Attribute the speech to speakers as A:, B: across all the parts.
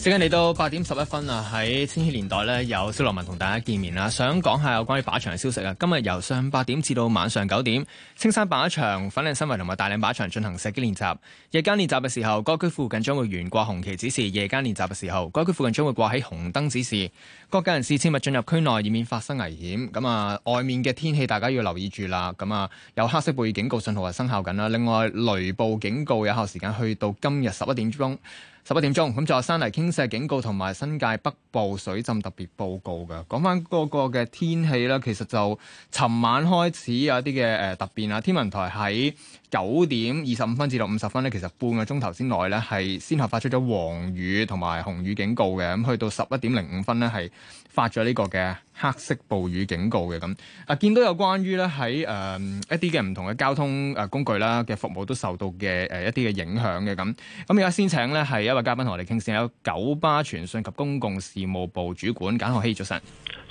A: 時間嚟到八點十一分啦，喺千禧年代呢，有蕭羅文同大家見面啦，想講下有關於靶場嘅消息啊。今日由上午八點至到晚上九點，青山靶場、粉嶺新圍同埋大嶺靶場進行射擊練習。日間練習嘅時候，該區附近將會懸掛紅旗指示；夜間練習嘅時候，該區附近將會掛起紅燈指示。各界人士切勿進入區內，以免發生危險。咁啊，外面嘅天氣大家要留意住啦。咁啊，有黑色暴雨警告信號係生效緊啦。另外，雷暴警告有效時間去到今日十一點鐘。十一點鐘，咁仲有山泥傾瀉警告同埋新界北部水浸特別報告嘅。講翻嗰個嘅天氣咧，其實就尋晚開始有一啲嘅誒突變啊，天文台喺，九點二十五分至到五十分呢，其實半個鐘頭之內呢，係先後發出咗黃雨同埋紅雨警告嘅。咁去到十一點零五分呢，係發咗呢個嘅黑色暴雨警告嘅。咁啊，見到有關於呢，喺誒一啲嘅唔同嘅交通誒工具啦嘅服務都受到嘅誒一啲嘅影響嘅。咁咁而家先請呢，係一位嘉賓同我哋傾先，有九巴傳訊及公共事務部主管簡學悕。早晨。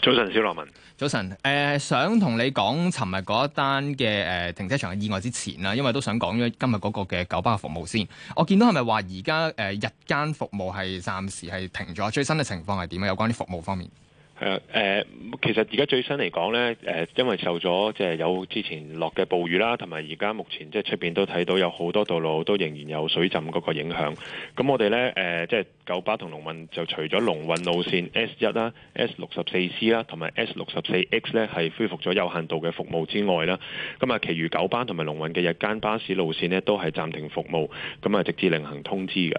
B: 早晨，小羅文。
A: 早晨，誒、呃、想同你講，尋日嗰一單嘅誒停車場嘅意外之前啦，因為。我都想講咗今日嗰個嘅九巴服務先。我見到係咪話而家誒日間服務係暫時係停咗？最新嘅情況係點啊？有關啲服務方面。
B: 誒誒，其實而家最新嚟講咧，誒，因為受咗即係有之前落嘅暴雨啦，同埋而家目前即係出邊都睇到有好多道路都仍然有水浸嗰個影響。咁我哋咧誒，即係九巴同龍運就除咗龍運路線 S 一啦、S 六十四 C 啦同埋 S 六十四 X 咧，係恢復咗有限度嘅服務之外啦。咁啊，其餘九巴同埋龍運嘅日間巴士路線呢都係暫停服務。咁啊，直至另行通知嘅。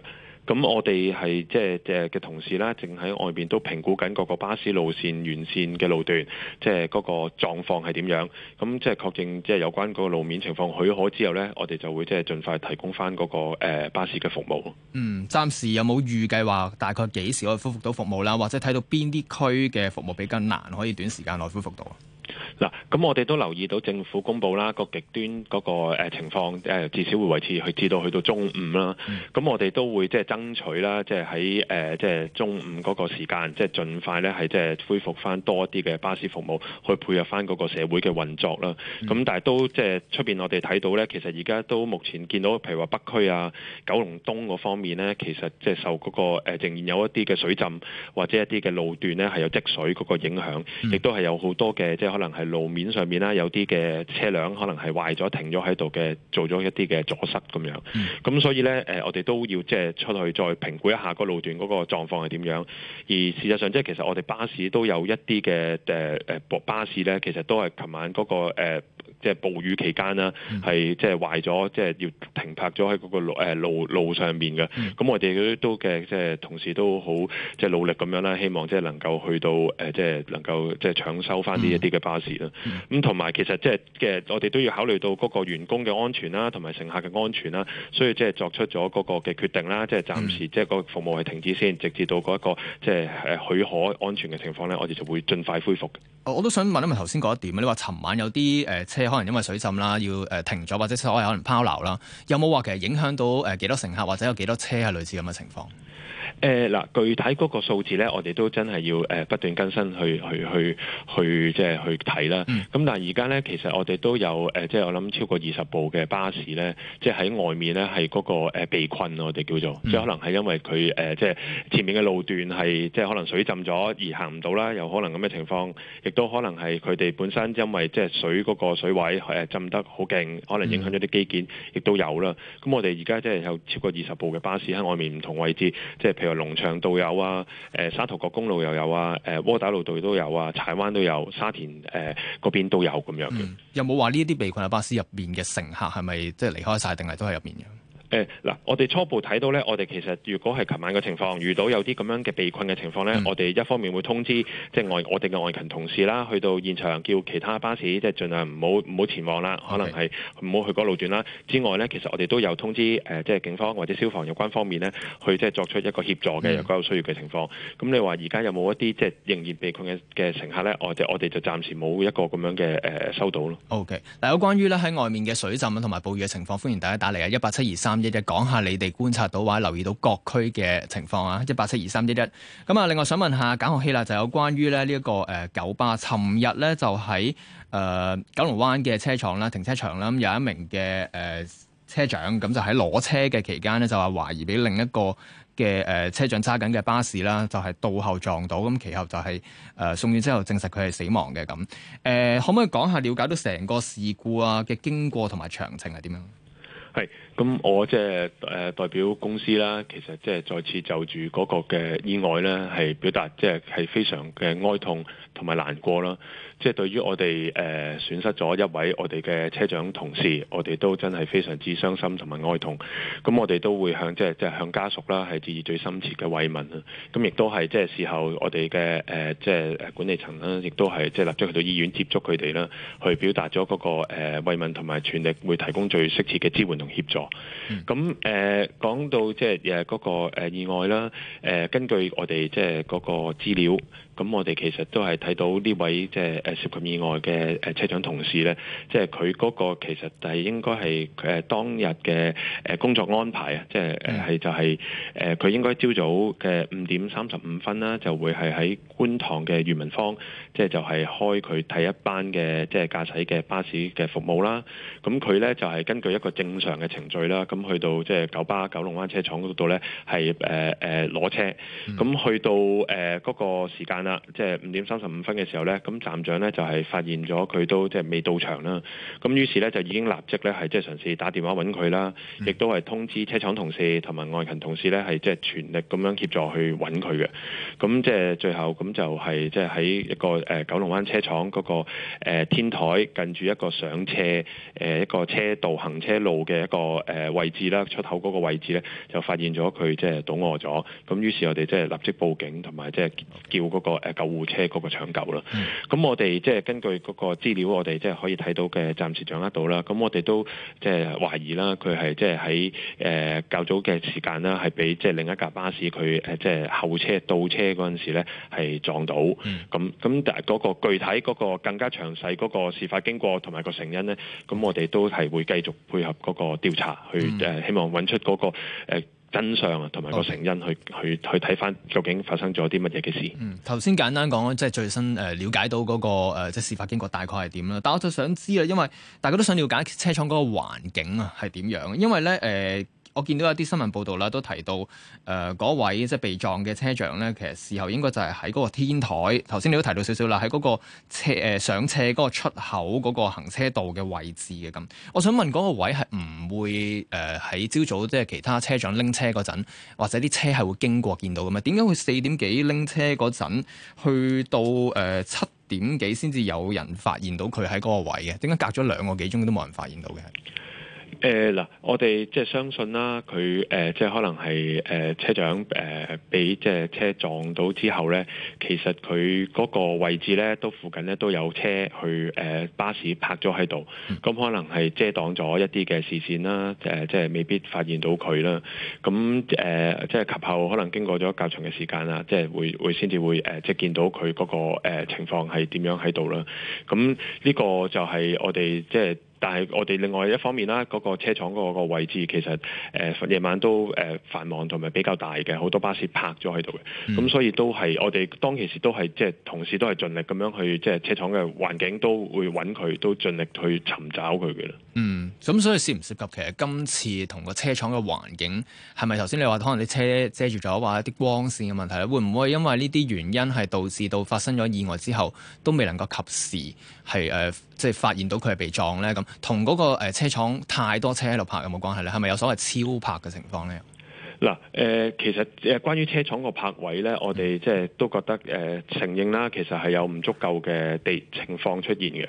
B: 咁我哋係即係嘅同事啦，正喺外面都評估緊嗰個巴士路線完善嘅路段，即係嗰個狀況係點樣？咁即係確認即係有關嗰個路面情況許可之後呢，我哋就會即係盡快提供翻、那、嗰個、呃、巴士嘅服務。
A: 嗯，暫時有冇預計話大概幾時可以恢復到服務啦？或者睇到邊啲區嘅服務比較難可以短時間內恢復到？
B: 嗱、嗯，咁我哋都留意到政府公布啦，個極端嗰、那個、呃、情況、呃、至少會維持去至到去到中午啦。咁、嗯、我哋都會即係爭取啦，即係喺即係中午嗰個時間，即、就、係、是、盡快咧係即係恢復翻多啲嘅巴士服務，去配合翻嗰個社會嘅運作啦。咁、嗯、但係都即係出邊我哋睇到咧，其實而家都目前見到，譬如話北區啊、九龍東嗰方面咧，其實即係受嗰、那個、呃、仍然有一啲嘅水浸或者一啲嘅路段咧係有積水嗰個影響，亦都係有好多嘅即係。就是可能係路面上面啦，有啲嘅車輛可能係壞咗停咗喺度嘅，做咗一啲嘅阻塞咁樣。咁、嗯、所以咧，誒我哋都要即係出去再評估一下個路段嗰個狀況係點樣。而事實上，即係其實我哋巴士都有一啲嘅誒誒，巴士咧，其實都係琴晚嗰、那個即係、呃就是、暴雨期間啦，係即係壞咗，即、就、係、是、要停泊咗喺嗰個路、呃、路、路上面嘅。咁、嗯、我哋都嘅即係同事都好即係努力咁樣啦，希望即係能夠去到誒，即、呃、係能夠即係搶修翻呢一啲嘅。巴、嗯、啦，咁同埋其實即係嘅，我哋都要考慮到嗰個員工嘅安全啦、啊，同埋乘客嘅安全啦、啊，所以即係作出咗嗰個嘅決定啦、啊，即係暫時即係個服務係停止先，直至到嗰一個即係許可安全嘅情況咧，我哋就會盡快恢復。
A: 我都想問一問頭先嗰一點啊，你話尋晚有啲誒車可能因為水浸啦，要誒停咗或者所有可能拋流啦，有冇話其實影響到誒幾多乘客或者有幾多車係類似咁嘅情況？
B: 誒嗱，具體嗰個數字咧，我哋都真係要誒不斷更新去去去去即係去睇啦。咁、mm. 但係而家咧，其實我哋都有誒，即係我諗超過二十部嘅巴士咧，即係喺外面咧係嗰個誒被困我哋叫做即係、mm. 可能係因為佢誒即係前面嘅路段係即係可能水浸咗而行唔到啦，又可能咁嘅情況，亦都可能係佢哋本身因為即係水嗰個水位誒浸得好勁，可能影響咗啲基建，亦都有啦。咁我哋而家即係有超過二十部嘅巴士喺外面唔同位置，即係譬龍翔道有啊，誒沙頭角公路又有啊，誒窩打路道都有啊，柴灣都有，沙田誒嗰邊、呃、都有咁
A: 樣嘅、嗯。沒有冇話呢啲被困喺巴士入面嘅乘客係咪即係離開晒，定係都係入面嘅？
B: 誒、嗯、嗱，我哋初步睇到咧，我哋其實如果係琴晚嘅情況，遇到有啲咁樣嘅被困嘅情況咧、嗯，我哋一方面會通知即係、就是、外我哋嘅外勤同事啦，去到現場叫其他巴士即係儘量唔好唔好前往啦，okay. 可能係唔好去嗰路段啦。之外咧，其實我哋都有通知誒，即、呃、係、就是、警方或者消防有關方面咧，去即係、就是、作出一個協助嘅、嗯、有關需要嘅情況。咁你話而家有冇一啲即係仍然被困嘅嘅乘客咧？我哋我哋就暫時冇一個咁樣嘅誒收到咯。
A: O K，但有關於咧喺外面嘅水浸同埋暴雨嘅情況，歡迎大家打嚟啊！一八七二三。日日講下你哋觀察到話留意到各區嘅情況啊！一八七二三一一。咁啊，另外想問下簡學悕啦，就有關於咧呢一個誒、呃、九巴，尋日咧就喺誒、呃、九龍灣嘅車廠啦、停車場啦，有一名嘅誒、呃、車長，咁就喺攞車嘅期間咧，就話懷疑俾另一個嘅誒、呃、車長揸緊嘅巴士啦，就係、是、倒後撞到，咁其後就係、是、誒、呃、送院之後，證實佢係死亡嘅。咁。誒、呃，可唔可以講下了解到成個事故啊嘅經過同埋詳情係點樣？
B: 係，咁我即係誒代表公司啦，其實即係再次就住嗰個嘅意外啦，係表達即係係非常嘅哀痛同埋難過啦。即係對於我哋誒損失咗一位我哋嘅車長同事，我哋都真係非常之傷心同埋哀痛。咁我哋都會向即係即係向家屬啦，係致以最深切嘅慰問啊。咁亦都係即係事後我，我哋嘅即係管理層啦，亦都係即係立即去到醫院接觸佢哋啦，去表達咗嗰個慰問同埋全力會提供最適切嘅支援同協助，咁誒講到即係誒嗰個誒意外啦，誒根據我哋即係嗰個資料。咁我哋其實都係睇到呢位即係誒涉及意外嘅車長同事咧，即係佢嗰個其實係應該係佢誒當日嘅工作安排啊，即係係就係佢應該朝早嘅五點三十五分啦，就會係喺觀塘嘅裕民坊，即係就係開佢第一班嘅即係駕駛嘅巴士嘅服務啦。咁佢咧就係根據一個正常嘅程序啦，咁去到即係九巴九龍灣車廠嗰度咧，係攞車，咁去到嗰個時間。即係五點三十五分嘅時候呢，咁站長呢就係發現咗佢都即係未到場啦。咁於是呢，就已經立即呢係即係嘗試打電話揾佢啦，亦都係通知車廠同事同埋外勤同事呢係即係全力咁樣協助去揾佢嘅。咁即係最後咁就係即係喺一個誒九龍灣車廠嗰個天台近住一個上車誒一個車道行，行車路嘅一個誒位置啦，出口嗰個位置呢，就發現咗佢即係倒臥咗。咁於是我哋即係立即報警同埋即係叫嗰、那個。誒救護車嗰個搶救啦，咁、嗯、我哋即係根據嗰個資料，我哋即係可以睇到嘅，暫時掌握到啦。咁我哋都即係懷疑啦，佢係即係喺較早嘅時間啦，係俾即係另一架巴士佢即係後車倒車嗰陣時咧，係撞到。咁咁嗰個具體嗰個更加詳細嗰個事發經過同埋個成因咧，咁我哋都係會繼續配合嗰個調查去，去、嗯呃、希望揾出嗰、嗰個、呃真相啊，同埋個成因，okay. 去去去睇翻究竟發生咗啲乜嘢嘅事。
A: 嗯，頭先簡單講，即係最新了解到嗰個即係事發經過大概係點啦。但我就想知啊，因為大家都想了解車廠嗰個環境啊係點樣，因為咧我見到一啲新聞報導啦，都提到誒嗰、呃、位即係被撞嘅車長咧，其實事後應該就係喺嗰個天台。頭先你都提到少少啦，喺嗰個、呃、上斜嗰個出口嗰個行車道嘅位置嘅咁。我想問嗰個位係唔會誒喺朝早即係其他車長拎車嗰陣，或者啲車係會經過見到嘅嘛？為什麼點解會四點幾拎車嗰陣去到七、呃、點幾先至有人發現到佢喺嗰個位嘅？點解隔咗兩個幾鐘都冇人發現到嘅？誒、
B: 呃、嗱，我哋即係相信啦，佢、呃、誒即係可能係誒車長誒俾即係車撞到之後咧，其實佢嗰個位置咧都附近咧都有車去誒、呃、巴士泊咗喺度，咁、嗯、可能係遮擋咗一啲嘅視線啦，誒、呃、即係未必發現到佢啦。咁誒、呃、即係及後可能經過咗較長嘅時間啦，即係會會先至會誒、呃、即係見到佢嗰、那個、呃、情況係點樣喺度啦。咁呢個就係我哋即係。但係我哋另外一方面啦，嗰個車廠個位置其實誒夜晚都誒繁忙同埋比較大嘅，好多巴士泊咗喺度嘅，咁所以都係我哋當其時都係即係同事都係盡力咁樣去即係車廠嘅環境都會揾佢，都盡力去尋找佢嘅啦。
A: 嗯，咁所以涉唔涉及其實今次同個車廠嘅環境係咪頭先你話可能啲車遮住咗，話一啲光線嘅問題咧，會唔會因為呢啲原因係導致到發生咗意外之後都未能夠及時係誒、呃、即係發現到佢係被撞咧？咁同嗰個誒車廠太多車喺度拍有冇關係咧？係咪有所謂超拍嘅情況咧？
B: 嗱，誒，其實誒，關於車廠個泊位咧，我哋即係都覺得誒、呃，承認啦，其實係有唔足夠嘅地情況出現嘅。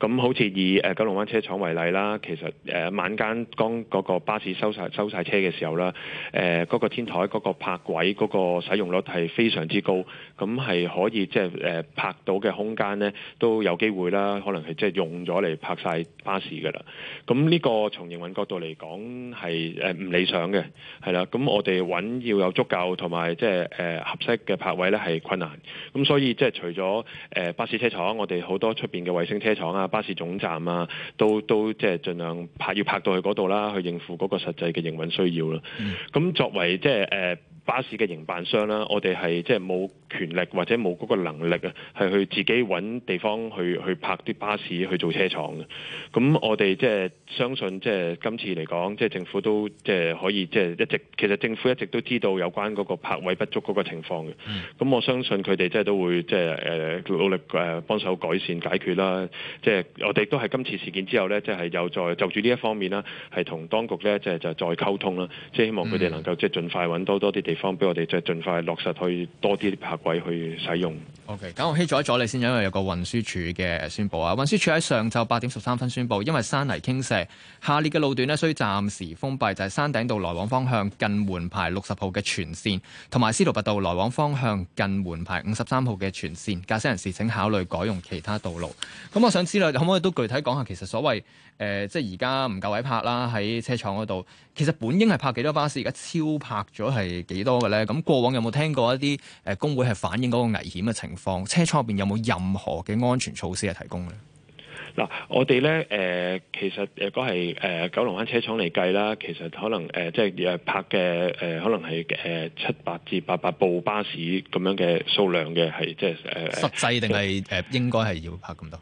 B: 咁好似以誒九龍灣車廠為例啦，其實誒、呃、晚間剛嗰個巴士收晒收曬車嘅時候啦，誒、呃、嗰、嗰個天台嗰個泊位嗰個、個使用率係非常之高，咁係可以即係誒泊到嘅空間呢，都有機會啦，可能係即係用咗嚟泊晒巴士㗎啦。咁呢個從營運角度嚟講係誒唔理想嘅，係啦，咁。咁我哋揾要有足夠同埋即係誒合適嘅泊位咧，係困難。咁所以即係除咗誒巴士車廠，我哋好多出邊嘅衛星車廠啊、巴士總站啊，都都即係盡量泊要泊到去嗰度啦，去應付嗰個實際嘅營運需要啦。咁作為即係誒。呃巴士嘅營辦商啦，我哋係即係冇權力或者冇嗰個能力啊，係去自己揾地方去去泊啲巴士去做車廠嘅。咁我哋即係相信即，即係今次嚟講，即係政府都即係可以即係一直，其實政府一直都知道有關嗰個泊位不足嗰個情況嘅。咁我相信佢哋即係都會即係誒努力誒、呃、幫手改善解決啦。即係我哋都係今次事件之後咧，即係又再就住呢一方面啦，係同當局咧即係就再溝通啦。即係希望佢哋能夠即係盡快揾多多啲地地方俾我哋再盡快落實，去多啲客位去使用。
A: OK，咁我阻一阻你先，因為有個運輸署嘅宣布啊。運輸署喺上晝八點十三分宣布，因為山泥傾瀉，下列嘅路段呢，需暫時封閉，就係山頂道來往方向近門牌六十號嘅全綫，同埋司徒拔道來往方向近門牌五十三號嘅全綫。駕駛人士請考慮改用其他道路。咁我想知道，可唔可以都具體講下，其實所謂？誒、呃，即係而家唔夠位拍啦，喺車廠嗰度，其實本應係拍幾多巴士，而家超拍咗係幾多嘅咧？咁過往有冇聽過一啲誒、呃、工會係反映嗰個危險嘅情況？車廠入邊有冇任何嘅安全措施係提供嘅？
B: 嗱、呃，我哋咧誒，其實如果係誒九龍灣車廠嚟計啦，其實可能誒即係拍嘅誒、呃，可能係誒、呃、七八至八百部巴士咁樣嘅數量嘅係即係誒實際定係
A: 誒應該係要
B: 拍咁多。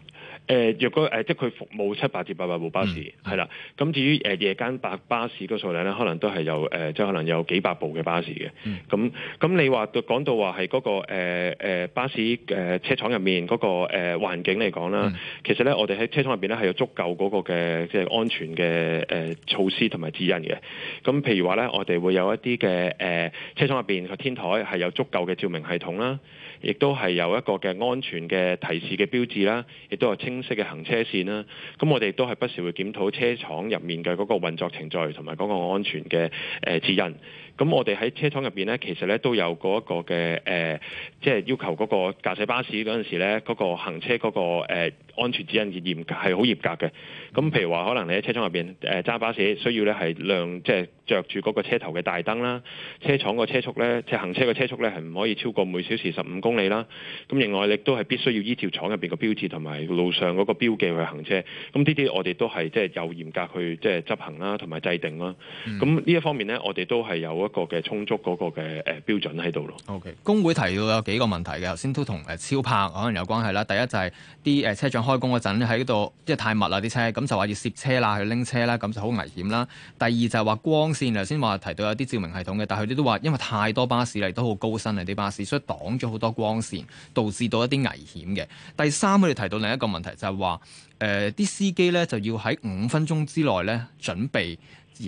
B: 誒、呃、若果、呃、即係佢服務七八至八百部巴士，係、嗯、啦。咁、嗯、至於、呃、夜間白巴士個數量咧，可能都係有即係、呃、可能有幾百部嘅巴士嘅。咁、嗯、咁你話講到話係嗰個、呃、巴士、呃、車廠入面嗰、個、呃、環境嚟講啦，其實咧我哋喺車廠入邊咧係有足夠嗰個嘅即係安全嘅、呃、措施同埋指引嘅。咁譬如話咧，我哋會有一啲嘅、呃、車廠入邊個天台係有足夠嘅照明系統啦。亦都係有一個嘅安全嘅提示嘅標誌啦，亦都有清晰嘅行車線啦。咁我哋都係不時會檢討車廠入面嘅嗰個運作程序同埋嗰個安全嘅誒指引。咁我哋喺車廠入面呢，其實呢都有嗰一個嘅即係要求嗰個駕駛巴士嗰陣時呢，嗰個行車嗰、嗰個、呃、安全指引嚴係好嚴格嘅。咁譬如話，可能你喺車廠入面揸、呃、巴士，需要呢係亮即係着住嗰個車頭嘅大燈啦。車廠個車速呢，即係行車嘅車速呢，係唔可以超過每小時十五公里啦。咁另外亦都係必須要依照廠入面個標誌同埋路上嗰個標記去行車。咁呢啲我哋都係即係有嚴格去即係執行啦，同埋制定啦。咁呢一方面呢，我哋都係有那個嘅充足嗰個嘅誒標準喺度咯。
A: OK。工會提到有幾個問題嘅，頭先都同誒超拍可能有關係啦。第一就係啲誒車長開工嗰陣喺度，即係太密啦啲車，咁就話要攝車啦，去拎車啦，咁就好危險啦。第二就係話光線，頭先話提到有啲照明系統嘅，但佢哋都話因為太多巴士嚟，也都好高身嚟啲巴士，所以擋咗好多光線，導致到一啲危險嘅。第三，佢哋提到另一個問題就係話誒啲司機咧就要喺五分鐘之內咧準備。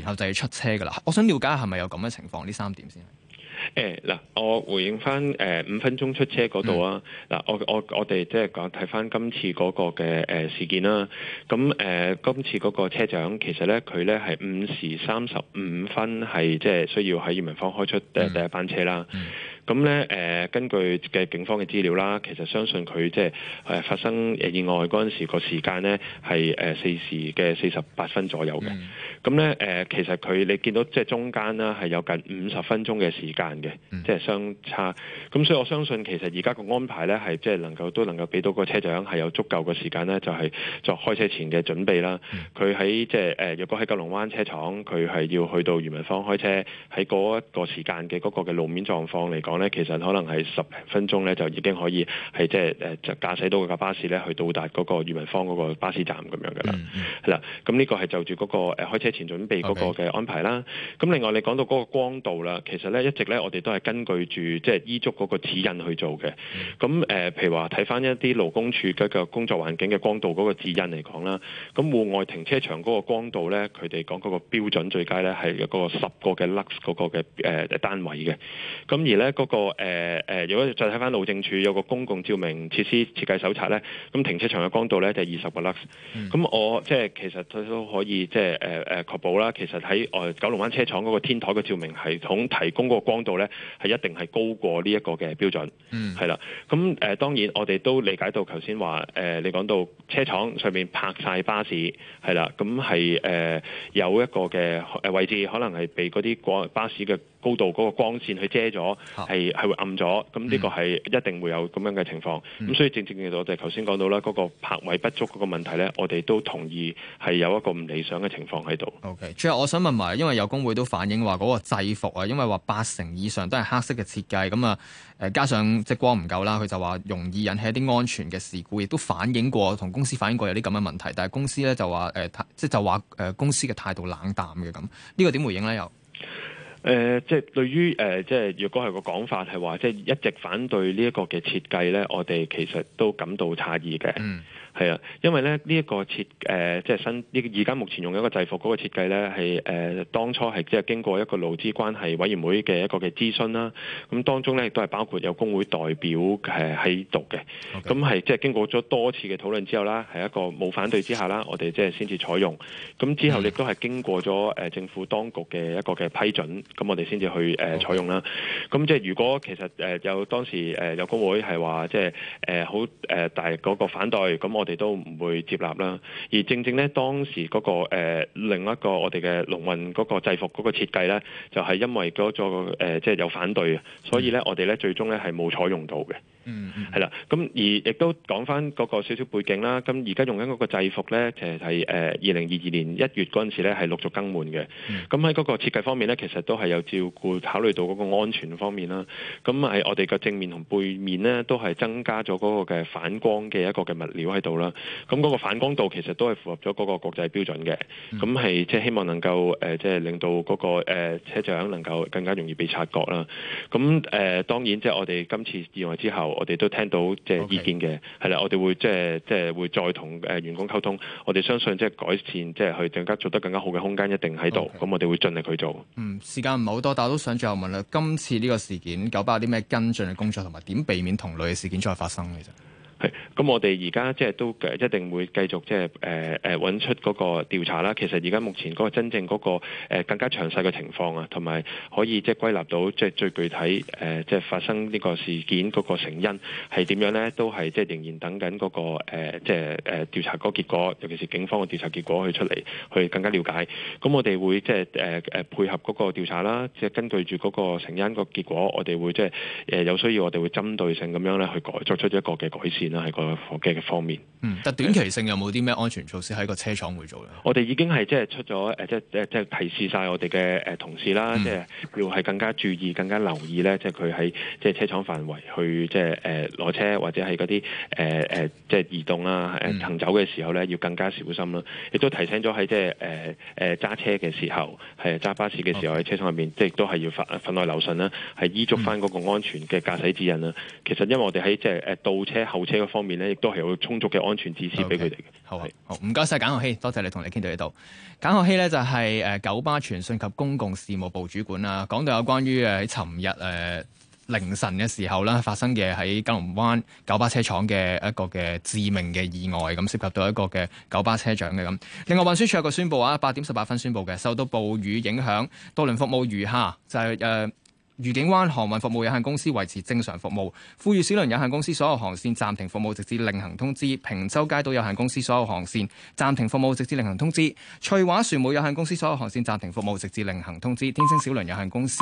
A: 然後就要出車噶啦，我想了解係咪有咁嘅情況呢？三點先。誒嗱，我
B: 回應翻誒、呃、五分鐘出車嗰度啊。嗱、嗯，我我我哋即係講睇翻今次嗰個嘅誒事件啦。咁誒、呃，今次嗰個車長其實咧，佢咧係五時三十五分係即係需要喺移民方開出誒第一班車啦。嗯嗯咁咧，誒、呃、根據嘅警方嘅資料啦，其實相信佢即係發生意外嗰陣時個時間咧，係、呃、四時嘅四十八分左右嘅。咁、mm. 咧、呃，其實佢你見到即係中間啦，係有近五十分鐘嘅時間嘅，即、就、係、是、相差。咁、mm. 所以我相信其實而家個安排咧，係即係能夠都能夠俾到個車長係有足夠嘅時間咧，就係、是、作開車前嘅準備啦。佢、mm. 喺即係、呃、如若果喺九龍灣車廠，佢係要去到漁民坊開車，喺嗰一個時間嘅嗰個嘅路面狀況嚟講。其實可能係十零分鐘咧，就已經可以係即係誒，就駕駛到個巴士咧，去到達嗰個裕民坊嗰個巴士站咁樣噶啦、嗯。係、嗯、啦，咁呢個係就住嗰個誒開車前準備嗰個嘅安排啦。咁另外你講到嗰個光度啦，其實咧一直咧，我哋都係根據住即係依足嗰個指引去做嘅。咁誒，譬、呃、如話睇翻一啲勞工處嘅工作環境嘅光度嗰個指引嚟講啦，咁戶外停車場嗰個光度咧，佢哋講嗰個標準最佳咧係一個十個嘅 lux 嗰、那個嘅誒、呃、單位嘅。咁而咧嗰個誒誒，如果再睇翻路政署有個公共照明設施設計手冊呢。咁停車場嘅光度呢，就二十個 lux。咁、嗯、我即係其實都都可以即係誒誒確保啦。其實喺誒九龍灣車廠嗰個天台嘅照明系統提供嗰個光度呢，係一定係高過呢一個嘅標準。嗯，係啦。咁誒當然我哋都理解到頭先話誒，你講到車廠上面拍晒巴士係啦，咁係誒有一個嘅位置可能係被嗰啲過巴士嘅高度嗰個光線去遮咗。係係會暗咗，咁呢個係一定會有咁樣嘅情況。咁、嗯、所以正正我哋頭先講到啦，嗰、那個泊位不足嗰個問題呢，我哋都同意係有一個唔理想嘅情況喺度。O、okay, K，
A: 最後我想問埋，因為有工會都反映話嗰個制服啊，因為話八成以上都係黑色嘅設計，咁啊，誒加上即光唔夠啦，佢就話容易引起一啲安全嘅事故，亦都反映過同公司反映過有啲咁嘅問題，但係公司呢、呃，就話誒，即就話誒公司嘅態度冷淡嘅咁，呢、這個點回應呢？又？
B: 唉、呃，即係對於唉、呃，即係若果係個講法，係話即係一直反對呢一個嘅設計咧，我哋其實都感到詫異嘅。嗯係啊，因為咧呢一個設誒即係新呢，而、呃、家目前用緊一個制服嗰個設計咧係誒當初係即係經過一個勞資關係委員會嘅一個嘅諮詢啦。咁當中咧亦都係包括有工會代表誒喺度嘅，咁係即係經過咗多次嘅討論之後啦，係一個冇反對之下啦，我哋即係先至採用。咁之後亦都係經過咗誒政府當局嘅一個嘅批准，咁我哋先至去誒採用啦。咁即係如果其實誒有當時誒有工會係話即係誒好誒大嗰個反對，咁我，我哋都唔會接納啦，而正正咧當時嗰、那個誒、呃、另一個我哋嘅龍運嗰個制服嗰個設計咧，就係、是、因為嗰個誒，即、呃、係、就是、有反對，所以咧我哋咧最終咧係冇採用到嘅。嗯、mm -hmm.，係啦，咁而亦都講翻嗰個少少背景啦。咁而家用緊嗰個制服咧，其實係誒二零二二年一月嗰陣時咧，係陸續更換嘅。咁喺嗰個設計方面咧，其實都係有照顧，考慮到嗰個安全方面啦。咁喺我哋嘅正面同背面咧，都係增加咗嗰個嘅反光嘅一個嘅物料喺度啦。咁嗰個反光度其實都係符合咗嗰個國際標準嘅。咁係即係希望能夠即係、呃、令到嗰、嗰個誒、呃、車長能夠更加容易被察覺啦。咁誒、呃、當然即係我哋今次意外之後。我哋都聽到即係意見嘅，係、okay. 啦，我哋會即係即係會再同誒員工溝通。我哋相信即係改善，即係去更加做得更加好嘅空間一定喺度。咁、okay. 我哋會盡力去做。嗯，
A: 時間唔係好多，但係都想最後問啦。今次呢個事件，九巴有啲咩跟進嘅工作，同埋點避免同類嘅事件再發生嘅啫？
B: 咁我哋而家即係都一定會繼續即係誒誒揾出嗰個調查啦。其實而家目前嗰個真正嗰個誒更加詳細嘅情況啊，同埋可以即係歸納到即係最具體誒即係發生呢個事件嗰個成因係點樣咧？都係即係仍然等緊嗰個誒即係誒調查嗰個結果，尤其是警方嘅調查結果去出嚟，去更加了解。咁我哋會即係誒誒配合嗰個調查啦，即係根據住嗰個成因個結果，我哋會即係誒有需要，我哋會針對性咁樣咧去改作出一個嘅改善。喺個火機嘅方面，
A: 嗯，但短期性有冇啲咩安全措施喺個車廠會做咧？
B: 我哋已經係即
A: 係出咗，誒、呃，即係即係
B: 提示晒我哋嘅誒同事啦，即、呃、係、嗯、要係更加注意、更加留意咧，即係佢喺即係車廠範圍去，即係誒攞車或者係嗰啲誒誒，即、呃、係、呃呃、移動啦、誒、呃、行走嘅時候咧，要更加小心啦。亦都提醒咗喺即係誒誒揸車嘅時候，係、呃、揸巴士嘅時候喺、okay. 車廠入面，即係亦都係要分分外留神啦，係依足翻嗰個安全嘅駕駛指引啦、嗯。其實因為我哋喺即係誒倒車、後車。一方面咧，亦都係有充足嘅安全指示俾佢哋
A: 嘅。好，好，唔該晒，簡學悕，多謝你同你哋傾到呢度。簡學悕呢，就係、是、誒、呃、九巴傳訊及公共事務部主管啦。講、啊、到有關於誒喺尋日誒、呃、凌晨嘅時候啦、啊，發生嘅喺九龍灣九巴車廠嘅一個嘅致命嘅意外，咁、嗯、涉及到一個嘅九巴車長嘅咁、嗯。另外運輸署有個宣佈啊，八點十八分宣佈嘅，受到暴雨影響，多輪服務餘下就係、是、誒。呃愉景灣航運服務有限公司維持正常服務，富裕小輪有限公司所有航線暫停服務，直至另行通知；坪洲街道有限公司所有航線暫停服務，直至另行通知；翠華船務有限公司所有航線暫停服務，直至另行通知；天星小輪有限公司。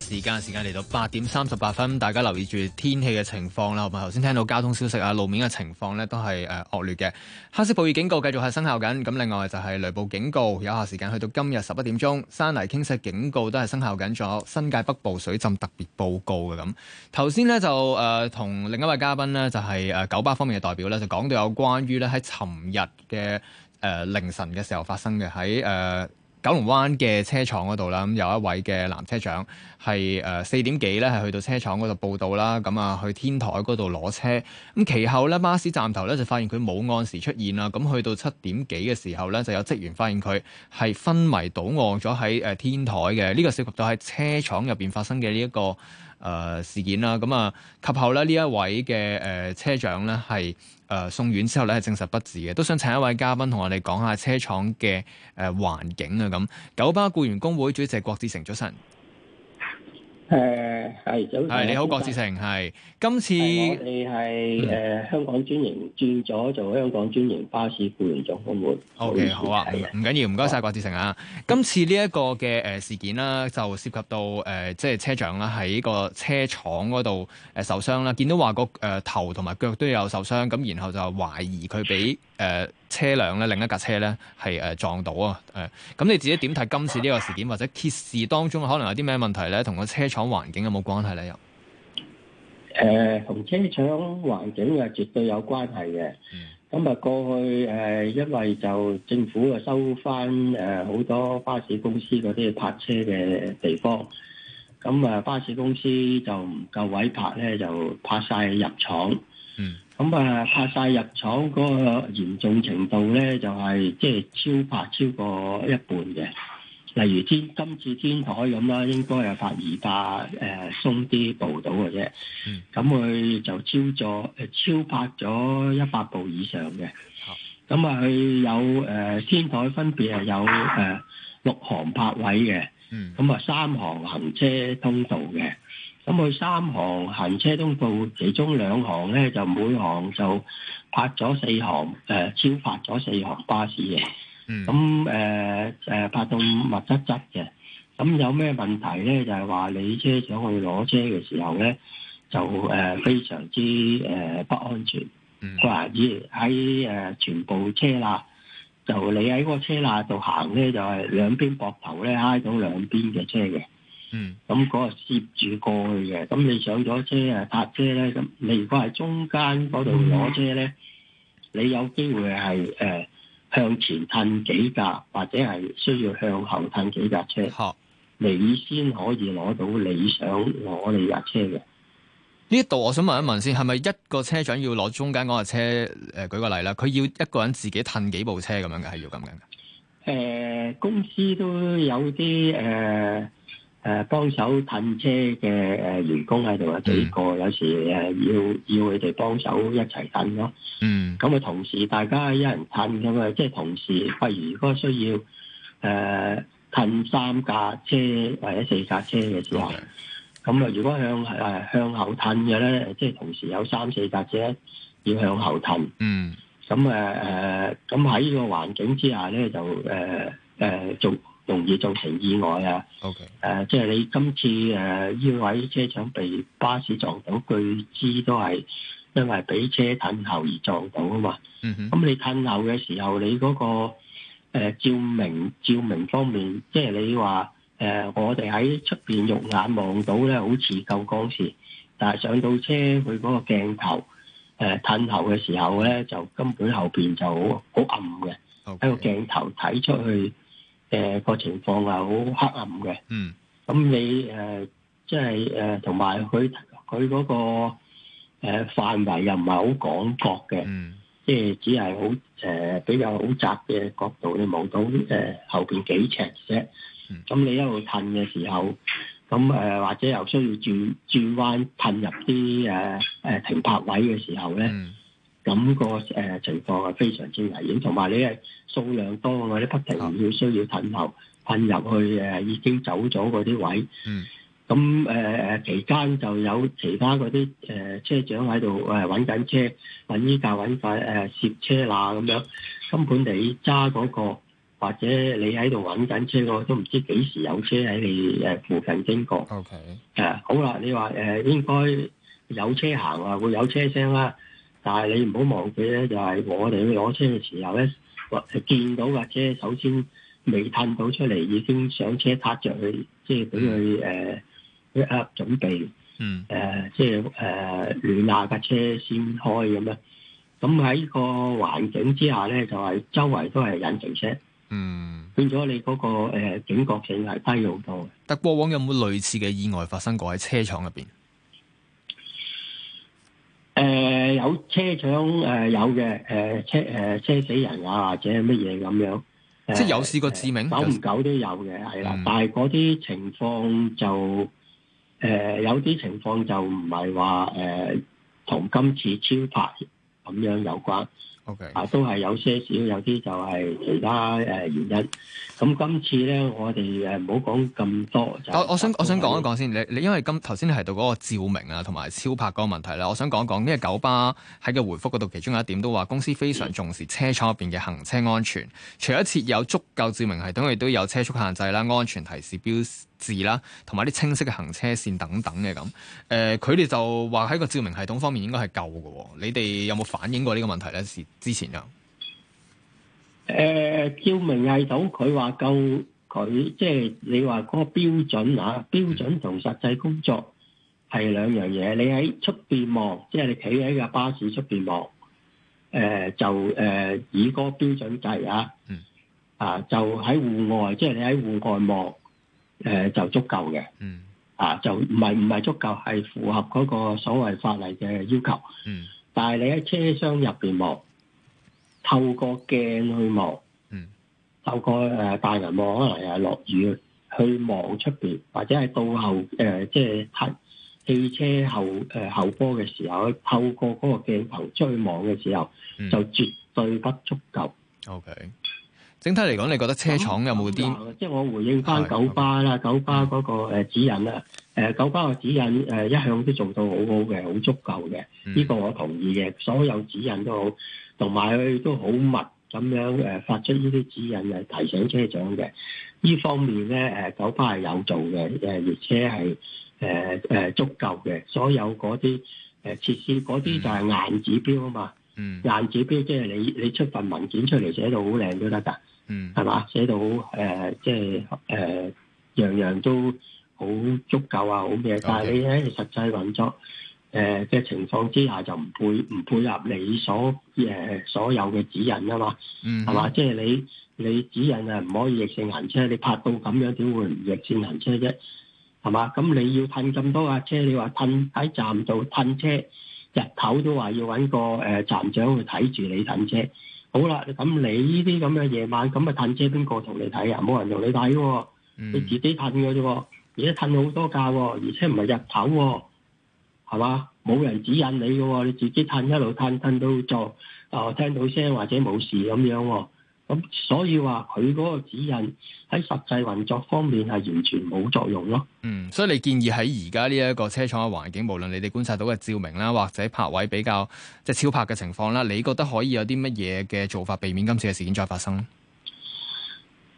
A: 時間時間嚟到八點三十八分，大家留意住天氣嘅情況啦。我嘛，頭先聽到交通消息啊，路面嘅情況呢都係誒惡劣嘅。黑色暴雨警告繼續係生效緊。咁另外就係雷暴警告。有效時間去到今日十一點鐘，山泥傾瀉警告都係生效緊咗。有新界北部水浸特別報告嘅咁。頭先呢就誒同、呃、另一位嘉賓呢，就係、是、誒、呃、九巴方面嘅代表呢，就講到有關於呢喺尋日嘅誒、呃、凌晨嘅時候發生嘅喺誒。九龍灣嘅車廠嗰度啦，咁有一位嘅男車長係誒四點幾咧，係去到車廠嗰度報到啦，咁啊去天台嗰度攞車，咁其後咧巴士站頭咧就發現佢冇按時出現啦，咁去到七點幾嘅時候咧，就有職員發現佢係昏迷倒臥咗喺誒天台嘅，呢、這個涉及到喺車廠入邊發生嘅呢一個誒事件啦，咁啊及後咧呢一位嘅誒車長咧係。誒送院之後咧係證實不治嘅，都想請一位嘉賓同我哋講下車廠嘅誒、呃、環境啊咁。九巴僱員工會主席郭志誠早晨。
C: 誒、呃，係，係、嗯、你好，郭志
A: 誠，係今次你哋係誒
C: 香港專營轉咗做香港專營巴士副連長，好唔、okay, 好 OK，好啊，唔
A: 緊要，唔該晒郭志誠啊。今次呢一個嘅誒事件啦，就涉及到誒、呃、即係車長啦，喺個車廠嗰度誒受傷啦，見到話個誒頭同埋腳都有受傷，咁然後就懷疑佢俾。誒、呃、車輛咧，另一架車咧係誒撞到啊！誒、嗯，咁你自己點睇今次呢個事件或者揭示當中可能有啲咩問題咧，同個車廠環境有冇關係咧？又、
C: 呃、誒，同車廠環境係絕對有關係嘅。咁、嗯、啊、嗯，過去誒、呃，因為就政府啊收翻誒好多巴士公司嗰啲泊車嘅地方，咁啊巴士公司就唔夠位置泊咧，就泊晒入廠。嗯，咁啊，泊晒入廠嗰個嚴重程度咧，就係即係超泊超過一半嘅。例如天今次天台咁啦，應該係泊二百誒鬆啲部到嘅啫。嗯，咁佢就超咗誒超泊咗一百部以上嘅。咁、呃、啊，佢有誒天台分別係有誒、呃、六行泊位嘅。嗯，咁啊，三行行車通道嘅。咁佢三行行車通道，其中兩行咧，就每行就拍咗四行，誒、呃、超發咗四行巴士嘅。咁誒誒拍到密質質嘅。咁有咩問題咧？就係、是、話你車上去攞車嘅時候咧，就誒、呃、非常之誒、呃、不安全。佢話喺誒全部車罅，就你喺嗰個車罅度行咧，就係、是、兩邊膊頭咧挨到兩邊嘅車嘅。嗯，咁嗰個攝住過去嘅，咁你上咗車啊，搭車咧，咁你如果係中間嗰度攞車咧，你有機會係誒、呃、向前褪幾格，或者係需要向後褪幾
A: 格車，你先可以攞到你想攞你架車嘅。呢一度我想問一問先，係咪一個車長要攞中間嗰架車？誒、呃，舉個例啦，佢要一個人自己褪幾部車咁樣嘅，係要咁樣
C: 嘅？誒，公司都有啲誒。呃誒幫手褪車嘅誒員工喺度有幾個，嗯、有時誒要要佢哋幫手一齊褪咯。嗯，咁啊同時大家一人褪咁啊，即係同時。喂，如果需要誒褪、呃、三架車或者四架車嘅時候，咁、嗯、啊如果向誒、呃、向後褪嘅咧，即係同時有三四架車要向後褪。嗯，咁誒誒，咁喺呢個環境之下咧，就誒誒、呃呃、做。容易造成意外啊！誒、okay. 啊，即係你今次誒依、啊、位車長被巴士撞到，據知都係因為俾車褪後而撞到啊嘛。咁、
D: mm -hmm. 啊、
C: 你褪後嘅時候，你嗰、那個、呃、照明照明方面，即係你話誒、呃，我哋喺出邊肉眼望到咧，好似夠光線，但係上到車佢嗰個鏡頭誒褪後嘅時候咧，就根本後邊就好好暗嘅，喺、okay. 個鏡頭睇出去。誒、呃，個情況係好黑暗嘅。嗯，咁你誒，即係誒，同埋佢佢嗰個誒範圍又唔係好廣角嘅。嗯，即係只係好誒，比較好窄嘅角度，你望到誒、呃、後邊幾尺啫。咁、嗯、你一路褪嘅時候，咁誒、呃、或者又需要轉轉彎褪入啲誒誒停泊位嘅時候咧。嗯咁、個誒情況係非常之危險，同埋你係數量多嘅，咧不停要需要滲漏、噴入去已經走咗嗰啲位。嗯，咁誒期間就有其他嗰啲車長喺度誒揾緊車，揾依架揾快誒攝車喇咁樣。根本你揸嗰、個，或者你喺度揾緊車，個，都唔知幾時有車喺你附近經過。Okay. 誒好啦，你話、誒應該有車行啊，會有車聲啦。但係你唔好忘記咧，就係、是、我哋攞車嘅時候咧，或見到架車首先未褪到出嚟，已經上車擦著佢，即係俾佢誒一壓準備。嗯。誒、呃，即係誒、呃、暖下架車先開咁樣。咁喺個環境之下咧，就係、是、周圍都係引擎車。嗯。變咗你嗰個警覺
A: 性係低好多。但過往有冇類似嘅意外發生過喺車廠入邊？
C: 誒、呃。有車長誒、呃、有嘅，誒車誒、呃、車死人啊，或者乜嘢咁樣。呃、即係
A: 有試過致命，久唔久都有嘅，係啦。
C: 但係嗰啲情況就誒、呃、有啲情況就唔係話誒同今次超拍咁樣有關。OK，啊、呃、都係有些少，有啲就係其他誒原因。咁今次咧，我哋
A: 唔好講咁多。我想我想講一講先，你你因為今頭先提到嗰個照明啊，同埋超拍嗰個問題我想講講講。因為九巴喺個回覆嗰度，其中有一點都話公司非常重視車廠入邊嘅行車安全，嗯、除咗設有足夠照明系統，亦都有車速限制啦、安全提示標誌啦，同埋啲清晰嘅行車線等等嘅咁。誒、呃，佢哋就話喺個照明系統方面應該係夠嘅。你哋有冇反映過呢個問題咧？之前有。
C: 誒、呃，照明系統，佢話夠佢，即、就、係、是、你話嗰個標準啊，標準同實際工作係兩樣嘢。你喺出邊望，即、就、係、是、你企喺個巴士出邊望，誒、呃、就誒、呃、以嗰個標準計啊，嗯、啊就喺戶外，即、就、係、是、你喺戶外望，誒、呃、就足夠嘅，嗯、啊就唔係唔係足夠，係符合嗰個所謂法例嘅要求。嗯，但，但係你喺車廂入邊望。透過鏡去望，透過誒大人望，可能又落雨，去望出邊或者係倒後誒、呃，即係係汽車後誒、呃、後波嘅時候，透過嗰個鏡頭追望嘅時候、嗯，就絕對不足夠。
A: OK，整體嚟講，你覺得車廠有冇啲、嗯呃？即係我回應翻九
C: 巴啦，九巴嗰個指引啦，誒、嗯呃、九巴嘅指引誒、呃呃、一向都做到好好嘅，好足夠嘅，呢、嗯呢個我同意嘅，所有指引都好。同埋佢都好密咁樣發出呢啲指引嚟提醒車長嘅。呢方面咧誒、呃，九巴係有做嘅，誒，而且係足夠嘅。所有嗰啲、呃、設施嗰啲就係硬指標啊嘛。嗯。硬指標即係你你出份文件出嚟寫到好靚都得㗎。嗯。係嘛？寫到誒、呃、即係誒樣樣都好足夠啊，好咩？但係你喺實際運作，誒、呃、嘅情況之下就唔配唔配合你所誒、呃、所有嘅指引啦嘛，係、mm、嘛 -hmm.？即係你你指引啊唔可以逆線行車，你拍到咁樣點會逆線行車啫？係嘛？咁你要褪咁多架車，你話褪喺站度褪車，日頭都話要搵個、呃、站長去睇住你褪車。好啦，咁你呢啲咁嘅夜晚咁啊褪車邊個同你睇啊？冇人同你睇喎、哦，mm -hmm. 你自己褪㗎啫喎，而家褪好多架、哦，而且唔係日頭喎、哦。係嘛？冇人指引你嘅，你自己褪一路褪，褪到做啊聽到聲或者
A: 冇事咁樣。咁所以話佢嗰個指引喺實際運作方面係完全冇作用咯。嗯，所以你建議喺而家呢一個車廠嘅環境，無論你哋觀察到嘅照明啦，或者泊位比較即係超泊嘅情況啦，你覺得可以有啲乜嘢嘅做法避免今次嘅事件再發生？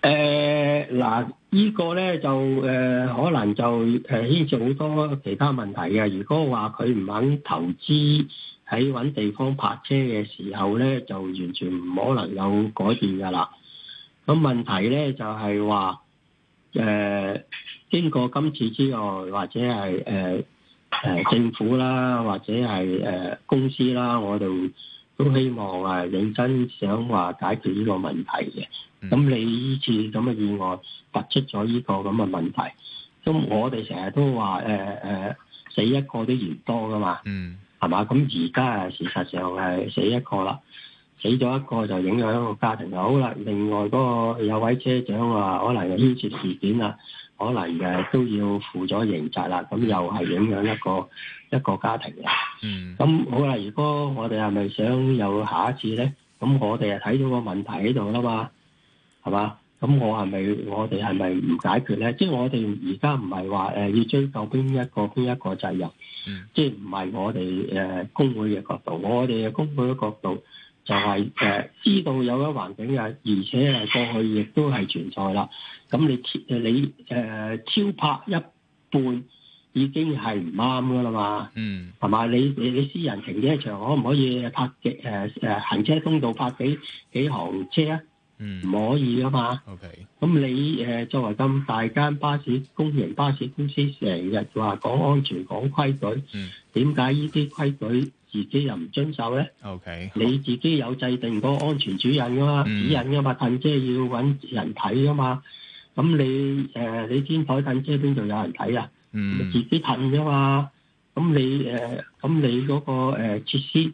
A: 誒、
C: 欸。嗱、這個，呢個咧就誒、呃，可能就誒牽涉好多其他問題嘅。如果話佢唔肯投資喺搵地方泊車嘅時候咧，就完全唔可能有改變噶啦。咁問題咧就係話誒，經過今次之外，或者係誒誒政府啦，或者係誒、呃、公司啦，我哋。都希望啊，認真想話、啊、解決呢個問題嘅。咁、嗯、你呢次咁嘅意外突出咗呢個咁嘅問題，咁、嗯、我哋成日都話誒誒，死一個都嫌多㗎嘛，係、嗯、嘛？咁而家啊，事實上係死一個啦，死咗一個就影響一個家庭就好啦。另外嗰、那個有位車長話、啊，可能有牽涉事件啊，可能誒、啊、都要負咗刑責啦，咁又係影響一個。一個家庭啊，咁、嗯、好啦。如果我哋係咪想有下一次咧？咁我哋啊睇到個問題喺度啦嘛，係嘛？咁我係咪我哋係咪唔解決咧？即係我哋而家唔係話誒要追究邊一個邊一個責任，嗯，即係唔係我哋誒、呃、工會嘅角度？我哋嘅工會嘅角度就係、是、誒、呃、知道有個環境嘅，而且係過去亦都係存在啦。咁你超你誒超、呃、拍一半。已經係唔啱噶啦嘛，嗯，係嘛？你你你私人停車場可唔可以拍嘅、呃、行車通道拍幾幾行車啊？嗯，唔可以噶嘛。OK，咁你誒作為咁大間巴士公營巴士公司，成日話講安全講規矩，嗯，點解呢啲規矩自己又唔遵守咧？OK，你自己有制定個安全主任噶嘛、嗯？主任噶嘛？褪車要搵人睇噶嘛？咁你誒你天台褪車邊度有人睇啊？嗯， 你自己噴啫嘛。咁、okay. 你誒，咁你嗰個誒設施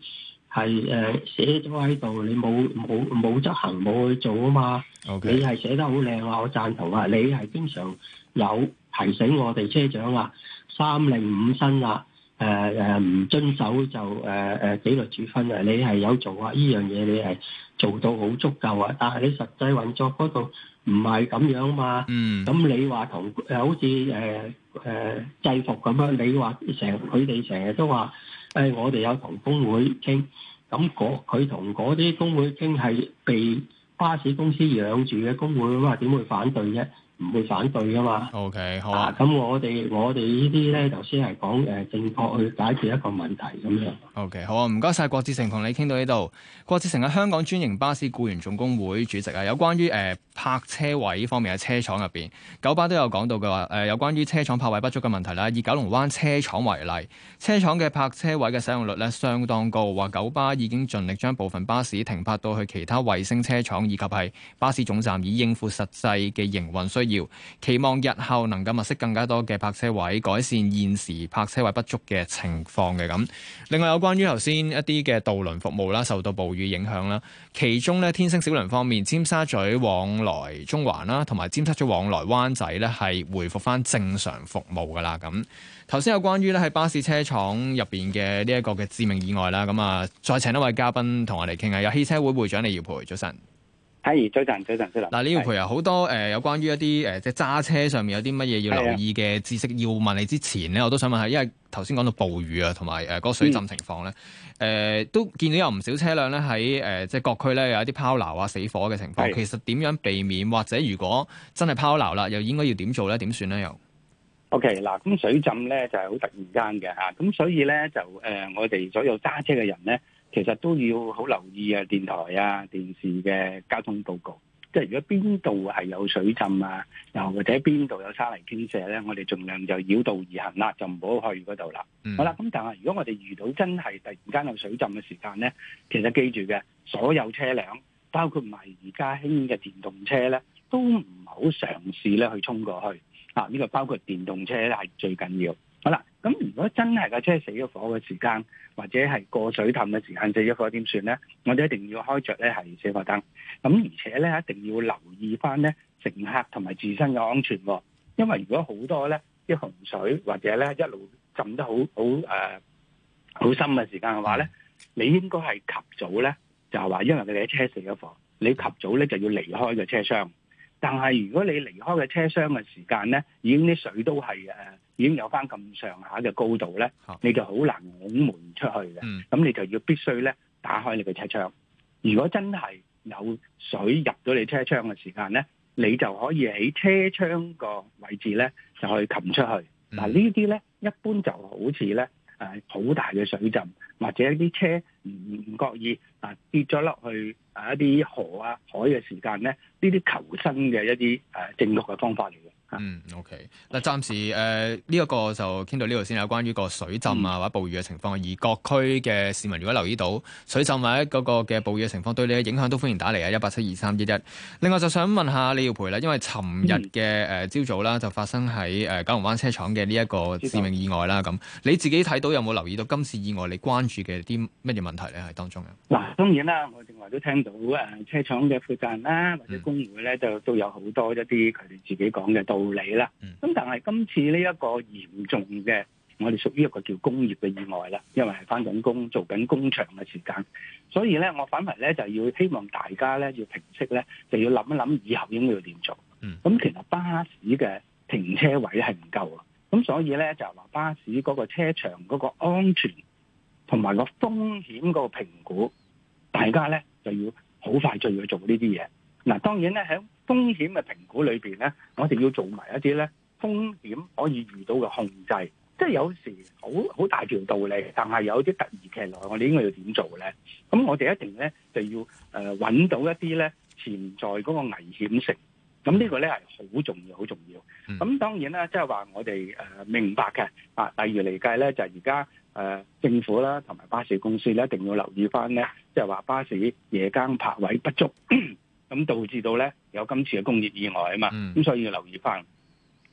C: 係誒寫咗喺度，你冇冇冇執行冇去做啊嘛。你係寫得好靚啊，我贊同啊。你係經常有提醒我哋車長啊，三令五申啦。誒誒唔遵守就誒誒紀律處分啊！你係有做啊？呢樣嘢你係做到好足夠啊！但係你實際運作嗰度唔係咁樣嘛？嗯，咁你話同誒好似誒誒制服咁樣，你話成佢哋成日都話、哎、我哋有同工會傾，咁佢同嗰啲工會傾係被巴士公司養住嘅工會，咁啊點會反對啫？
A: 唔會反對噶嘛？OK，好啊。咁、啊、我哋我哋呢啲咧，頭先係講誒正確去解決一個問題咁樣。OK，好啊。唔該曬郭志誠，同你傾到呢度。郭志誠係、啊、香港專營巴士僱員總工會主席啊。有關於誒、呃、泊車位方面嘅車廠入面，九巴都有講到嘅話、呃、有關於車廠泊位不足嘅問題啦。以九龍灣車廠為例，車廠嘅泊車位嘅使用率咧相當高，話九巴已經盡力將部分巴士停泊到去其他衛星車廠以及係巴士總站，以應付實際嘅營運需要期望日後能夠物色更加多嘅泊車位，改善現時泊車位不足嘅情況嘅咁。另外有關於頭先一啲嘅渡輪服務啦，受到暴雨影響啦，其中咧天星小輪方面，尖沙咀往來中環啦，同埋尖沙咀往來灣仔咧係回復翻正常服務噶啦咁。頭先有關於咧喺巴士車廠入邊嘅呢一個嘅致命意外啦，咁啊，再請一位嘉賓同我哋傾下，有汽車會會長李耀培，早晨。
E: 係早晨，早晨出嚟。嗱，李耀培啊，
A: 好多誒，有、呃、關於一啲誒，即係揸車上面有啲乜嘢要留意嘅知識的，要問你之前咧，我都想問下，因為頭先講到暴雨啊，同埋誒個水浸情況咧，誒、嗯呃、都見到有唔少車輛咧喺誒即係各區咧有一啲拋錨啊、死火嘅情況。其實點樣避免，或者如果真係拋錨啦，又應該要點做咧？點算咧？又
E: 呢 OK 嗱，咁水浸咧就係、是、好突然間嘅嚇，咁所以咧就誒、呃、我哋所有揸車嘅人咧。其實都要好留意啊，電台啊、電視嘅交通報告，即係如果邊度係有水浸啊，又或者邊度有沙泥傾瀉咧，我哋盡量就繞道而行啦，就唔好去嗰度啦。好啦，咁但係如果我哋遇到真係突然間有水浸嘅時間咧，其實記住嘅所有車輛，包括埋而家興嘅電動車咧，都唔好嘗試咧去衝過去。啊，呢個包括電動車係最緊要。好啦，咁如果真係架車死咗火嘅時間，或者係過水氹嘅時間死咗火，點算咧？我哋一定要開着咧係死火燈，咁而且咧一定要留意翻咧乘客同埋自身嘅安全，哦，因為如果好多咧啲洪水或者咧一路浸得好好誒好深嘅時間嘅話咧，你應該係及早咧就係話，因為你架車死咗火，你及早咧就要離開嘅車廂。但係如果你離開嘅車廂嘅時間咧，已經啲水都係誒。呃已經有翻咁上下嘅高度咧，你就好難拱門出去嘅。咁你就要必須咧打開你嘅車窗。如果真係有水入咗你車窗嘅時間咧，你就可以喺車窗個位置咧就可以擒出去。嗱，呢啲咧一般就好似咧誒好大嘅水浸，或者啲車唔唔覺意跌咗落去啊一啲河啊海嘅時間咧，呢啲求生嘅一啲誒正確嘅方法嚟嘅。
D: 嗯，OK。
A: 嗱，暫時誒呢一個就傾到呢度先啊。關於個水浸啊或者暴雨嘅情況，嗯，而各區嘅市民如果留意到水浸或者嗰個嘅暴雨嘅情況，對你嘅影響都歡迎打嚟啊！一八七二三一一。另外就想問下李耀培啦，因為尋日嘅誒朝早啦就發生喺誒九龍灣車廠嘅呢一個致命意外啦。咁你自己睇到有冇留意到今次意外你關注嘅啲乜嘢問題咧？係當中嗱，當然
E: 啦，我正話都聽到誒車廠嘅負責人啦或者工會咧，就、嗯、都有好多一啲佢哋自己講嘅多道理啦，咁但係今次呢一個嚴重嘅，我哋屬於一個叫工業嘅意外啦，因為係翻緊工做緊工場嘅時間，所以咧我反為咧就要希望大家咧要平息咧，就要諗一諗以後應該要點做。咁、嗯、其實巴士嘅停車位係唔夠啊，咁所以咧就話巴士嗰個車場嗰個安全同埋個風險個評估、嗯，大家咧就要好快就要去做呢啲嘢。嗱，當然咧喺風險嘅評估裏邊咧，我哋要做埋一啲咧風險可以遇到嘅控制，即係有時好好大條道理，但係有啲突如其來，我哋應該要點做咧？咁我哋一定咧就要誒揾到一啲咧潛在嗰個危險性，咁、這、呢個咧係好重要、好重要。咁、嗯、當然啦，即係話我哋誒明白嘅啊，例如嚟計咧，就係而家誒政府啦，同埋巴士公司咧，一定要留意翻咧，即係話巴士夜間泊位不足。 咁導致到咧有今次嘅工業意外啊嘛，咁所以要留意返。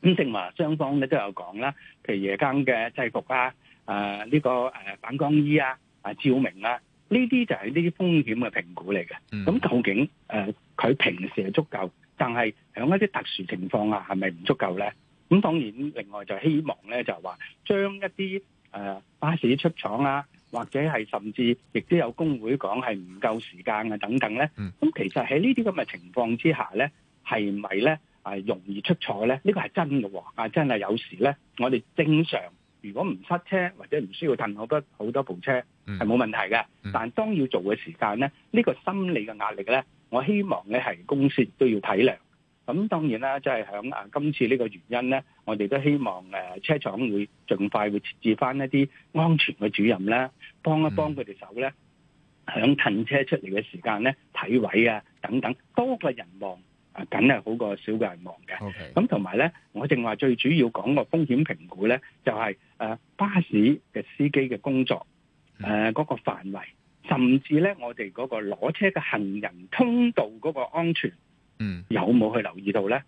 E: 咁正話雙方咧都有講啦，譬如夜間嘅制服啊、誒、呃、呢、呢個誒、呃、反光衣啊、啊照明啊，呢啲就係呢啲風險嘅評估嚟嘅。咁、嗯、究竟誒佢、呃、平時係足夠，但係喺一啲特殊情況啊，係咪唔足夠咧？咁當然另外就希望咧，就係話將一啲誒、呃、巴士出廠啊。或者係甚至亦都有工會講係唔夠時間啊等等咧，咁其實喺呢啲咁嘅情況之下咧，係咪咧啊容易出錯咧？呢、這個係真嘅、哦，啊真係有時咧，我哋正常如果唔塞車或者唔需要褪好多好多部車係冇問題嘅，但當要做嘅時間咧，呢、這個心理嘅壓力咧，我希望咧係公司都要體諒。咁當然啦，即係響啊今次呢個原因咧，我哋都希望誒、呃、車廠會盡快會設置翻一啲安全嘅主任咧，幫一幫佢哋手咧。響褪車出嚟嘅時間咧，睇位啊等等，多個人望啊，梗係好過少個人望嘅。
D: 咁同埋咧，
E: 我正話最主要講個風險評估咧，就係、是、誒、呃、巴士嘅司機嘅工作，誒、呃、嗰、那個範圍，甚至咧我哋嗰個攞車嘅行人通道嗰個安全。嗯，有冇去留意到咧？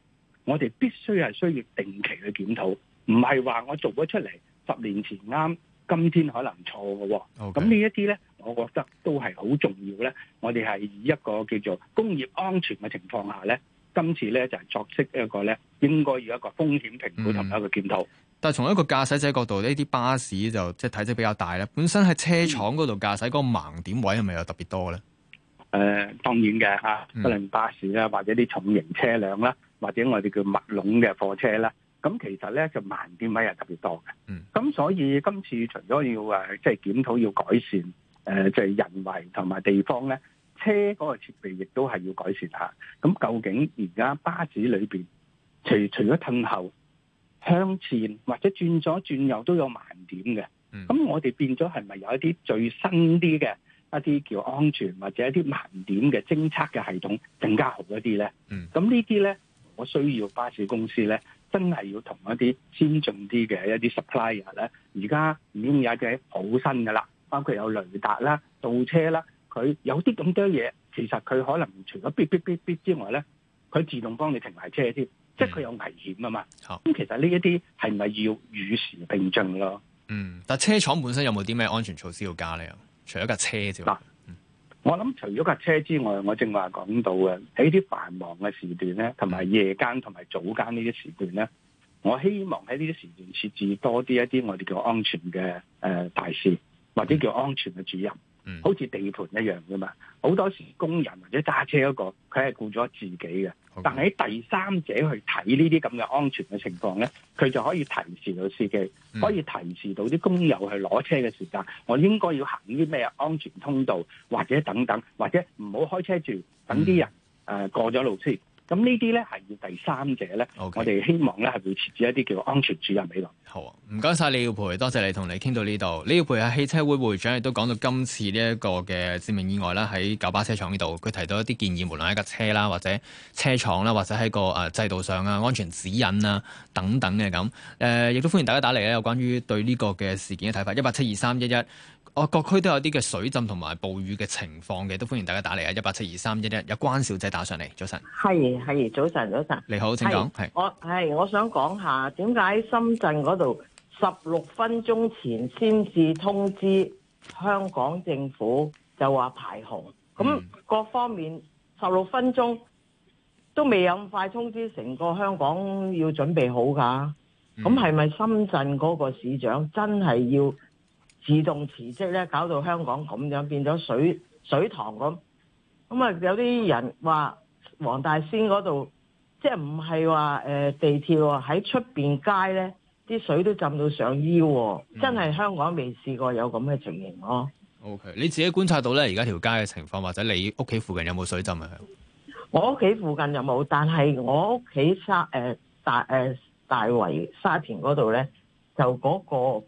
E: 我哋必須係需要定期去檢討，唔係話我做咗出嚟十年前啱，今天可能錯嘅。哦，咁呢一啲咧，我覺得都係好重要咧。我哋係以一個叫做工業安全嘅情況下咧，今次咧就係、是、作息一個咧，應該要一個風
A: 險評估同、嗯、一個檢討。但係從一個駕駛者角度，呢啲巴士就即係體積比較大咧，本身喺車廠嗰度駕駛嗰個盲點位係咪又特別多咧？嗯誒、呃、當然
E: 嘅嚇，不、啊嗯、論巴士啦，或者啲重型車輛啦，或者我哋叫麥窿嘅貨車啦。咁其實咧就盲點位係特別多嘅。咁、嗯、所以今次除咗要誒即係檢討要改善，誒即係人為同埋地方咧，車嗰個設備亦都係要改善下。咁究竟而家巴士裏邊，除除咗褪後向前或者轉左轉右都有盲點嘅。咁、嗯、我哋變咗係咪有一啲最新啲嘅？一啲叫安全或者一啲盲點嘅偵測嘅系統更加好一啲咧。咁、嗯、呢啲咧，我需要巴士公司咧，真係要同一啲先進啲嘅一啲 supplier 咧。而家已經有嘅好新噶啦，包括有雷達啦、倒車啦，佢有啲咁多嘢。其實佢可能除咗嗶嗶嗶嗶之外咧，佢自動幫你停埋車添，即係佢有危險啊嘛。咁、
A: 嗯、其實呢一啲係咪要與時並進咯？嗯，但係車廠本身有冇啲咩安全措施要加咧？除咗架車啫，嗱，
E: 我諗除咗架車之外，我正話講到嘅，喺啲繁忙嘅時段咧，同埋夜間同埋早間呢啲時段咧，我希望喺呢啲時段設置多啲一啲我哋叫安全嘅誒大使，或者叫安全嘅主任。嗯、好似地盤一樣㗎嘛，好多時工人或者揸車嗰個佢係顧咗自己嘅，但係喺第三者去睇呢啲咁嘅安全嘅情況咧，佢就可以提示到司機，可以提示到啲工友去攞車嘅時間，我應該要行啲咩安全通道，或者等等，或者唔好開車住，等啲人誒、嗯呃、過咗路先。咁呢啲咧係要第三者咧，okay. 我哋希望咧係會設置一啲叫安全主任俾佢。好啊，唔
A: 該晒李耀培，多謝你同你傾到呢度。李耀培係汽車會會長亦都講到今次呢一個嘅致命意外啦，喺九巴車廠呢度，佢提到一啲建議，無論喺架車啦，或者車廠啦，或者喺個制度上啊、安全指引啊等等嘅咁。亦、呃、都歡迎大家打嚟咧，有關於對呢個嘅事件嘅睇法，一八七二三一一。哦，各區都有啲嘅水浸同埋暴雨嘅情況嘅，都歡迎大家打嚟啊！一八七二三一一，有關小姐打上嚟，早晨，
F: 係係，早晨早晨，你好，請講。我係我想講下點解深圳嗰度十六分鐘前先至通知香港政府就說排行，就話排洪。咁各方面十六分鐘都未有咁快通知成個香港要準備好噶。咁係咪深圳嗰個市長真係要？自動辭職咧，搞到香港咁樣變咗水水塘咁咁啊！有啲人話黃大仙嗰度即係唔係話誒地鐵喎，喺出面街咧啲水都浸到上腰喎，真係香港未試過有咁
A: 嘅情形咯。Okay，你自己觀察到咧，而家條街嘅情況，或者你屋企附近有冇水浸啊？
F: 我屋企附近有冇，但係我屋企沙誒、呃、大誒、呃、大圍沙田嗰度咧，就嗰、嗰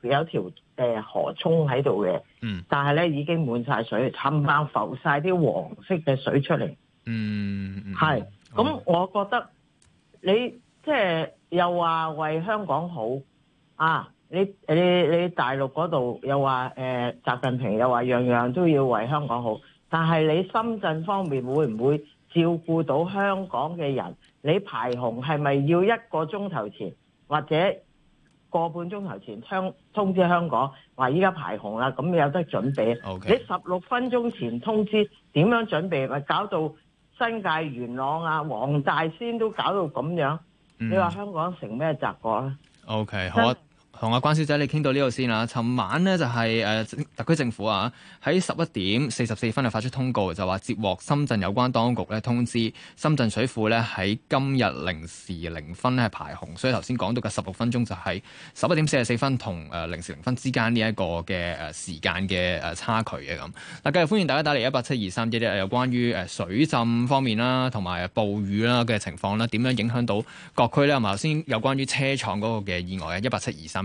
F: 個有一條。嘅河涌喺度嘅，但係咧已經滿晒水，冚唪浮晒啲黃色嘅水出嚟。嗯，係、嗯、咁，嗯、我覺得你即係又話為香港好啊！你你你大陸嗰度又話誒、呃，習近平又話樣樣都要為香港好，但係你深圳方面會唔會照顧到香港嘅人？你排洪係咪要一個鐘頭前或者？個半鐘頭前香通知香港話依家排洪啦，咁有得準備。OK。你十六分鐘前通知，點樣準備咪搞到新界元朗啊、黃大仙都搞到咁樣？
A: 你話香港成咩習慣咧？OK，好。同阿關小姐你傾到呢度先啦，尋晚呢，就係誒特區政府啊，喺十一點四十四分就發出通告，就話接獲深圳有關當局咧通知，深圳水庫咧喺今日零時零分咧排洪，所以頭先講到嘅十六分鐘就係十一點四十四分同零時零分之間呢一個嘅誒時間嘅差距嘅咁。嗱，繼續歡迎大家打嚟一八七二三一，有關於水浸方面啦，同埋暴雨啦嘅情況啦，點樣影響到各區呢？係咪頭先有關於車廠嗰個嘅意外啊？一八七二三